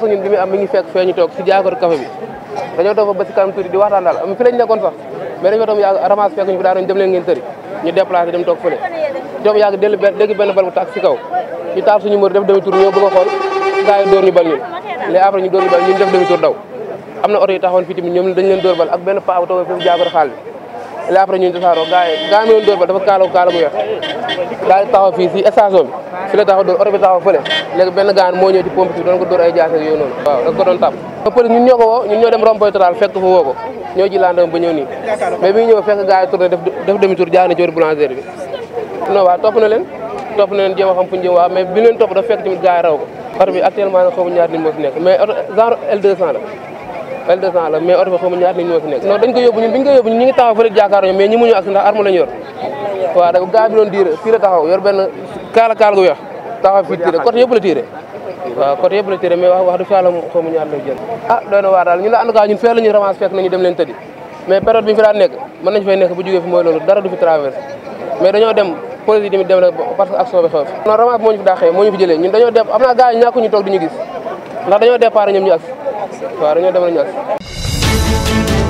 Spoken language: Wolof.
parce que ñun li muy am mi ngi fekk fee ñu toog si jaakoor café bi dañoo toog ba si kanam tuuti di waxtaan daal fi lañ nekkoon sax mais dañoo toog yàgg ramasse fekk ñu fi daa ñu def demi ñoo bëgg a xool gars yi dóor ñu bal ñun léegi après ñu dóor ñu bal ñun def demi daw am na oto yi taxawoon fii tamit ñoom dañ leen bal ak benn paa bu toog fi jaakoor xaal bi la après ñun tasaaroo gars dafa kaala kaala bu weex daal di taxaw fii si station bi fi la taxaw dóor oto bi fële léegi benn gaan moo ñëw ci pompe bi ko dóor ay jaase yooyu noonu waaw da ko doon tàpp ba pare ñun ñoo ko woo ñun ñoo dem fekk fa woo ko ñoo ba ñëw nii mais bi ñëw fekk gars yi tourné def demi tour jaar na joori bi topp na leen topp na leen jéem a xam fu ñu waaw mais bi leen topp dafa fekk tamit gars yi raw ko oto actuellement nag xaw L200 la mais oto bi xamuñu ñoo fi nekk non dañ ko yóbbu ñun biñ ko yóbbu ñun ñu taxaw fële jàkkaaroo mais ñi muñu ak ndax arme yor waaw da gaa bi doon diire fii la fekk nañu dem tëddi mais période bi fi daan nekk mën nañ fay nekk bu jógee fi mooy dara du fi traversé mais dañoo dem police yi tamit dem parce que action bi xew fi non ramasse fi daaxee moo fi jëlee ñun dañoo dem am naa gars waaw dañoo demoon ñor.